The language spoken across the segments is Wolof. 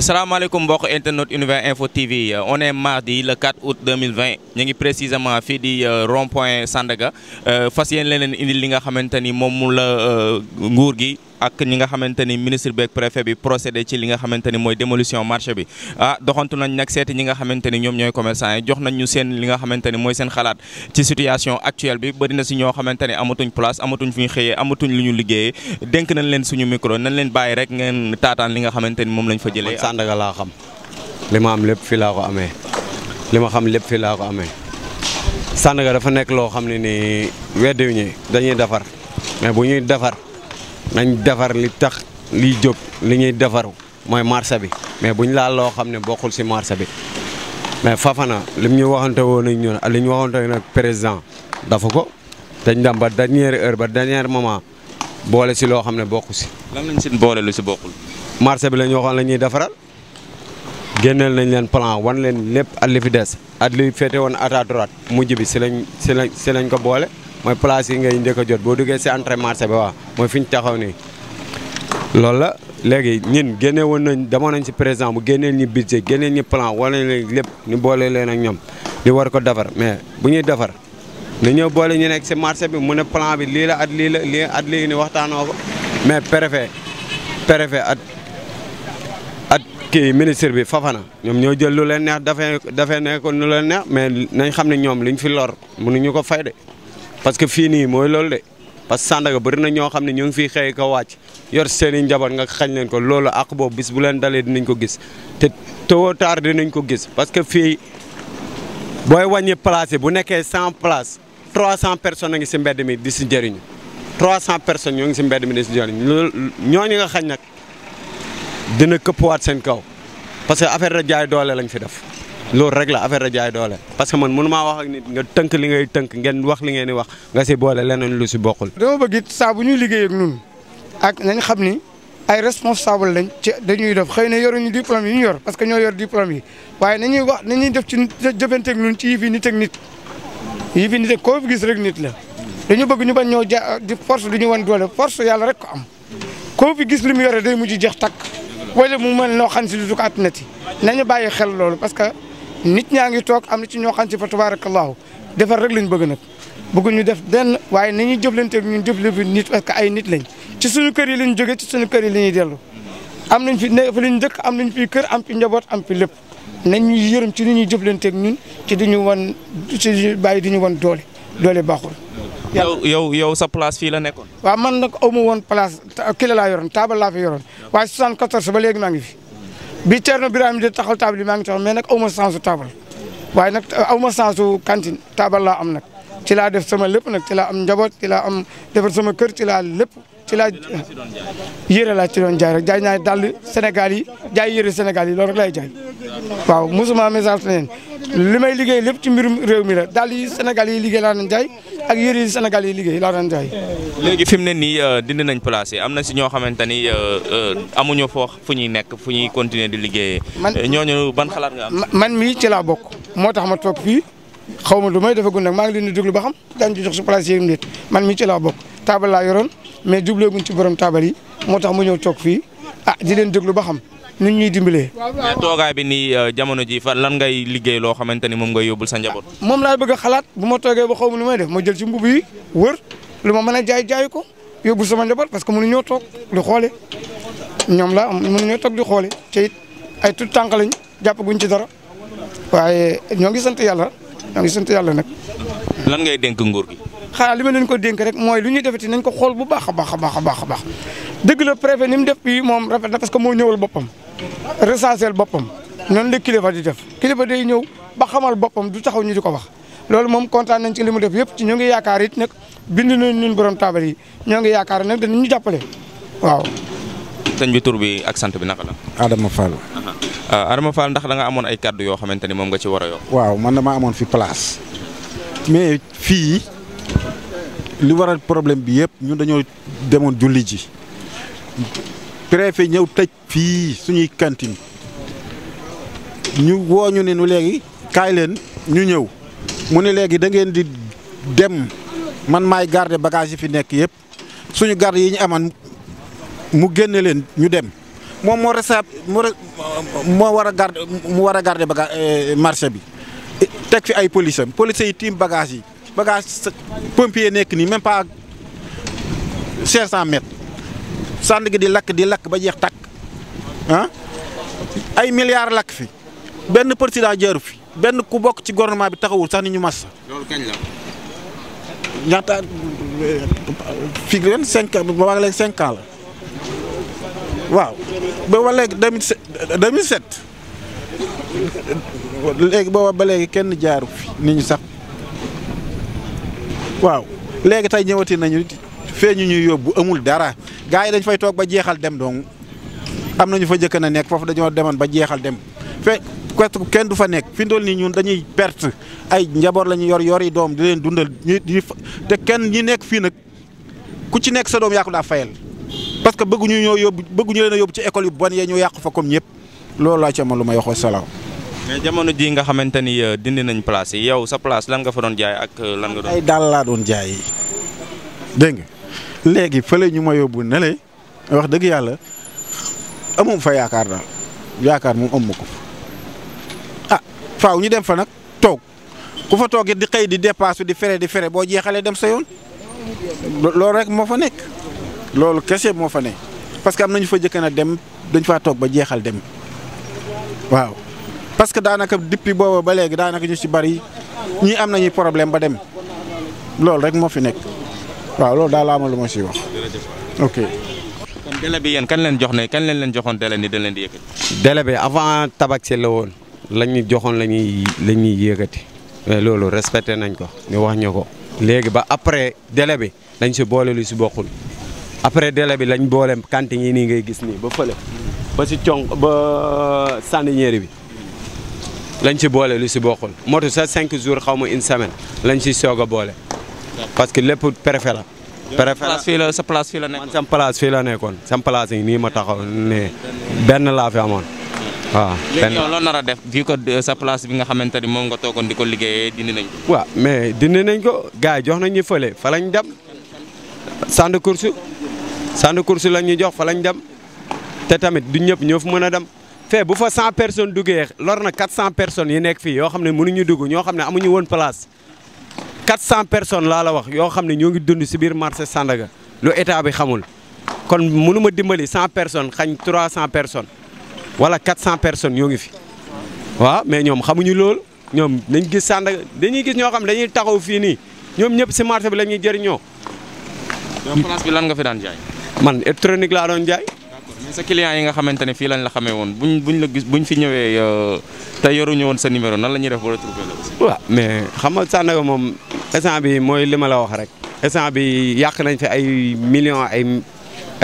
salaamaaleykum mbokk internet univers info TV on est mardi le 4 août 2020 ñu ngi précisément fii di euh, rond point Sandaga euh, fas yéen leen leen indil li nga xamante ni moom la euh, nguur gi. ak ñi nga xamante ni ministre beeg préfet bi procédé ci li nga xamante ni mooy démolition marché bi ah doxantu nañ nag seeti ñi nga xamante ni ñoom ñooy commerçant yi jox nañ ñu seen li nga xamante ni mooy seen xalaat ci situation actuelle bi bëri na si ñoo xamante ni amatuñ place amatuñ fu ñu xëyee amatuñ lu ñu liggéeye dénk nañ leen suñu micro nañ leen bàyyi rek ngeen taataan li nga xamante ni moom lañ fa jëlee. Sandaga laa xam li ma am lépp fi laa ko amee li ma xam lépp fi laa ko amee Sandaga dafa nekk loo xam ne nii weddi ñu dañuy defar nañ defar li tax liy jóg li ñuy defaru mooy marché bi mais bu ñu laal loo xam ne bokkul si marché bi mais Fafana lim ñu waxante woon ak ñun li ñu waxante nag président dafa ko dañ dem ba dernière heure ba dernier moment boole si loo xam ne bokku si. lan lañ si boole lu si bokkul. marché bi la ñu waxoon la ñuy defaral génneel nañ leen plan wan leen lépp at li des at li féete woon à droite mujj bi si lañ si lañ si lañ ko boole. mooy place yi ngay njëkk a jot boo duggee si entrée marché ba waaw mooy fi ñu taxaw nii loolu la léegi ñun génne woon nañ demoon nañ si président bu génneel ñu budget génneel ñu plan wala leen lépp ñu boole leen ak ñoom ñu war ko defar mais bu ñuy defar na ñëw boole ñu nekk si marché bi mu ne plan bi lii la at lii la lii at lii ni waxtaanoo ko mais préfet préfet at at kii ministre bi Fafana ñoom ñoo jël lu leen neex dafee dafee ne lu leen neex mais nañ xam ne ñoom liñ fi lor mënuñu ko parce que fii nii mooy loolu de parce que Sandaga bëri ñoo xam ne ñu ngi fiy xëy ko wàcc yor seen i njaboot nga xañ leen ko loolu ak boobu bis bu leen dalee dinañ ko gis te tôt ou tard dinañ ko gis parce que fii booy wàññi place yi bu nekkee 100 place 300 personnes a ngi si mbedd mi di si jëriñu 300 personnes ñoo ngi si mbedd mi di si jëriñu loolu ñooñu nga xañ nag dina këppwaat seen kaw parce que affaire da jaay doole lañ fi def. loolu rek la affaire a jaay doole parce que man mënu maa wax ak nit nga tënk li ngay tënk ngeen wax li ngeen di wax nga si boole leneen lu si bokkul. dama bëgg it saa bu liggéey ak ñun ak nañ xam ni ay responsable lañ ci dañuy def xëy na yoruñu diplôme yi ñu yor parce que ñoo yor diplôme yi waaye nañuy ñu nañuy def ci jëfanteeg ñun ci yi fi nit ak nit yi fi nit ak koo fi gis rek nit la dañu bëgg ñu bañ ñoo ja di force du ñu wan doole force yàlla rek ko am koo fi gis li mu yore day mujj jeex takk wala mu mel noo xam si du ko attanati nañu bàyyi xel loolu parce nit ñaa ngi toog am na ci ñoo xam ci fa tabaarakallaahu defar rek lañ bëgg nag ñu def benn waaye ni ñuy jëflanteeg ñun jëflanteeg nit parce que ay nit lañ ci suñu kër yi lañ jógee ci suñu kër yi la ñuy dellu am nañ fi ne lañ dëkk am nañ fi kër am fi njaboot am pi lépp nañ ñu yërëm ci li ñuy jëflanteeg ñun ci di ñu wan bàyyi di ñu wan doole doole baaxul. yow yow yow sa place fii la nekkoon. waaw man nag amu woon place kii la laa yoroon taabal laa fi yoroon waaye 74 ba léegi maa ngi fi. bi Thierno Birame di taxal table yi maa ngi taxaw mais nag aw ma sensu table waaye nag euh, aw ma sensu cantine table laa am nag ci laa def sama lépp nag ci laa am njaboot ci laa am defar sama kër ci laa lépp ci laa euh, yére laa ci doon jaay rek jaay naa dàll Sénégal yi jaay yére Sénégal yi loolu rek laay jaay waaw mosuma message neen li may liggéey lépp ci mbirum réew mi la dàll yi Sénégal yi liggéey laa doon jaay ak yére yi Sénégal yi liggéey laa doon jaay. léegi fi mu ne nii euh, dindi nañ place yi am na si ñoo xamante ni euh, euh, amuñu foo fu ñuy nekk fu ñuy continuer di liggéeyee. man ñooñu ban xalaat nga am. man mii ci laa bokk moo tax ma toog fii xaw ma lu may dafa gun nag maa ngi leen di déglu ba xam daañu ci jox su place yéen nit man mii ci laa bokk taabal laa yoroon mais jubleeguñ ci borom taabal yi moo tax ma ñëw toog fii ah di leen déglu ba xam nit ñuy dimbalee. mais toogaay bi ni euh, jamono ji fa lan ngay liggéey loo xamante ni moom ngay yóbbul sa njaboot. moom laa bëgg xalaat bu ma toogee ba xaw ma lu may def ma jël ci mbubb yi wër lu ma mën a jaay jaay ko yóbbul sama njaboot parce que mënuñoo toog di xoole ñoom la mënuñoo toog di xoole te it ay tout tànk lañ jàppaguñ ci dara waaye ñoo ngi sant yàlla ñoo ngi sant yàlla nag. lan ngay dénk nguur gi. xanaa li ma leen ko dénk rek mooy lu ñuy defati nañ ko xool bu baax baax a baax a baax dégg la préfet ni mu def fii moom rafet na parce que moo ñëwal boppam recensel boppam noonu la kilifa di def kilifa day ñëw ba xamal boppam du taxaw ñu di ko wax loolu moom kontaan nañ ci li mu def yëpp ci ñoo ngi yaakaar it nag bind nañ ñun borom taabal yi ñoo ngi yaakaar nag danañ ñu jàppale waaw. bi tur ak sant bi naka la. Adama Fall. Ah, Adama Fall ndax da amoon ay kàddu yoo xamante ni moom nga ci war a yoo. waaw man dama amoon fi place mais fii li waral problème bi yëpp ñun dañoo demoon julli ji. préfet ñëw tëj fii suñuy cantine ñu woo ñu ne nu léegi kaay leen ñu ñëw mu ne léegi da ngeen di dem man maay garde bagage yi fi nekk yëpp suñu garde yi ñu aman mu génne leen ñu dem moom moo resa moo war a garde mu war eh, marché bi teg fi ay police am police yi tiim bagage yi bagage pompier nekk nii même pas 500 mètres sànd gi di lakk di lakk ba jeex tàkk ah? ay milliards lakk fi benn président jaaru fi benn ku bokk ci gouvernement bi taxawul sax ni ñu mas. loolu fii ren cinq ans ba léegi la waaw léegi deux léegi booba ba kenn jaaru fi ni ñu sax waaw léegi tey ñëwati nañu fee ñu ñuy yóbbu amul dara. gaa yi dañ fay toog ba jeexal dem dong am na ñu fa njëkk na nekk foofu dañoo demoon ba jeexal dem fe kenn du fa nekk fi ndool nii ñun dañuy perte ay njaboot la ñu yor yori doom di leen dundal te kenn ñi nekk fii nag ku ci nekk sa doom yaa ko daa fayal parce que bëgguñu ñoo yóbbu bëgguñu leen a yóbbu ci école yu bon yee ñu yàqu fa comme ñëpp loolu laa ci amoon lu ma yoxoo wa salaam mais jamono ji nga xamante ni euh, dindi nañ place yi yow sa place lan fa doon jaay ak euh, lan nga daal laa doon jaay dégg nga léegi fële ñu ma yóbbu ne wax dëgg yàlla amum fa yaakaar daal yaakaar moom am ma ko ah faaw ñu dem fa nag toog ku fa toogee di xëy di dépasse di fere di fere boo jeexalee dem sa yoon loolu rek moo fa nekk loolu kese moo fa ne parce que am nañu fa jëkk na dem dañ faa toog ba jeexal dem waaw parce que daanaka depuis booba ba léegi daanaka ñu ci bari ñii am nañuy problème ba dem loolu rek moo fi nekk. waaw loolu daal laa amal lu ma siy wax. ok. kon délai bi yéen kan leen jox ne kan leen leen joxoon délai ni dañ leen di yëkkati. délai avant tabax la woon lañ ñu joxoon la ñuy la ñuy yëkkati mais loolu respecté nañ ko ñu wax ñu ko. léegi ba après délai bi lañ si boole lu si bokkul après délai bi lañ boole kantin yi nii ngay gis nii ba fële ba si cong ba sandinière bi lañ si boole lu si bokkul motu sa cinq jours xaw ma une semaine lañ si soog a boole. parce que lépp préfet la. préfet la sa place fii la nekkoon man sam place fii la nekkoon sam place yi nii ma taxaw ne benn laa fi amoon. waaw léegi yow loo nar a def vu que euh, sa place bi nga xamante ni moom nga toogoon di ko liggéeye dindi nañ ko. waaw mais dindi nañ ko gars jox nañ ñu fële fa lañ dem. sand course sand course la ñuy jox fa lañ dem te tamit du ñëpp ñoo fa mën a dem fee bu fa person personnes duggee lor na 400 personnes yi nekk fii yoo xam ne mënuñu dugg ñoo xam ne amuñu woon place. 400 personnes laa la wax yoo xam ne ñoo ngi dund si biir marché Sandaga lu état bi xamul kon munu ma dimbali 100 personnes xañ 300 personnes wala 400 personnes ñoo ngi fi waaw mais ñoom xamuñu loolu ñoom dañ gis Sandaga dañuy gis ñoo xam dañuy taxaw fii nii ñoom ñëpp si marché bi la ñuy jëriñoo. yow place bi lan nga fi daan jaay. man électronique laa doon jaay. mais sa client yi nga xamante ne fii lañ la xamee woon buñ buñ la gis buñ fi ñëwee euh, te yoruñu woon sa numéro nan la ñuy def moom. instant bi mooy li ma la wax rek instant bi yàq nañ fi ay millions ay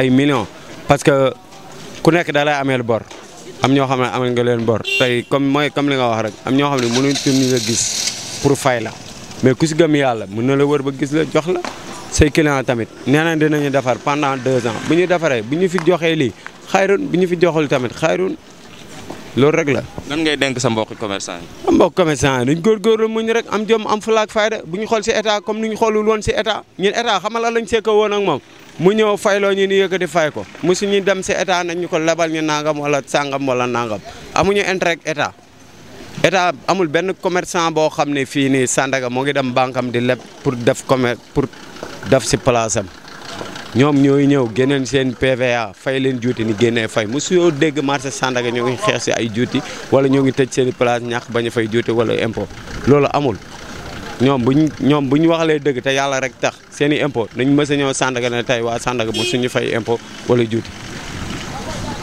ay millions parce que ku nekk da lay ameel bor am ñoo xam ne amel nga leen bor tey comme mooy comme li nga wax rek am ñoo xam ne mënuñ tënnu la gis pour fay la mais ku si gëm yàlla mun na la war ba gis la jox la say client tamit nee nañ ñu defar pendant deux ans bu ñu defaree bu ñu fi joxee lii xayrun bu ñu fi joxul tamit xayrun loolu rek la. nan ngay denk sa mbokk commerçant yi. mbokk commerçant yi dañ góorgóorlu muñ rek am jom am fulaak fayda bu ñu xool si état comme nu ñu xoolul woon si état ñun état xamal la lañ seeka woon ak moom mu ñëw fayloo ñu ni yëkkati fay ko mosu ñu dem si état nañ ñu ko lebal ñu nangam wala sàngam wala nangam amuñu intérêt état état amul benn commerçant boo xam ne fii nii Sandaga moo ngi dem banque am di leb pour def commerce pour def si place am ñoom ñoo ñëw génneen seen PVA fay leen juuti ni génnee fay mosuyoo dégg marché Sandaga ñoo ngi xeex si ay juuti wala ñoo ngi tëj seen i place ñax bañ a fay juuti wala impôt loolu amul ñoom buñ ñoom bu ñu waxalee dëgg te yàlla rek tax seen i impôt nañ mës a ñëw Sandaga ne tay waa Sandaga suñu fay impôt wala juuti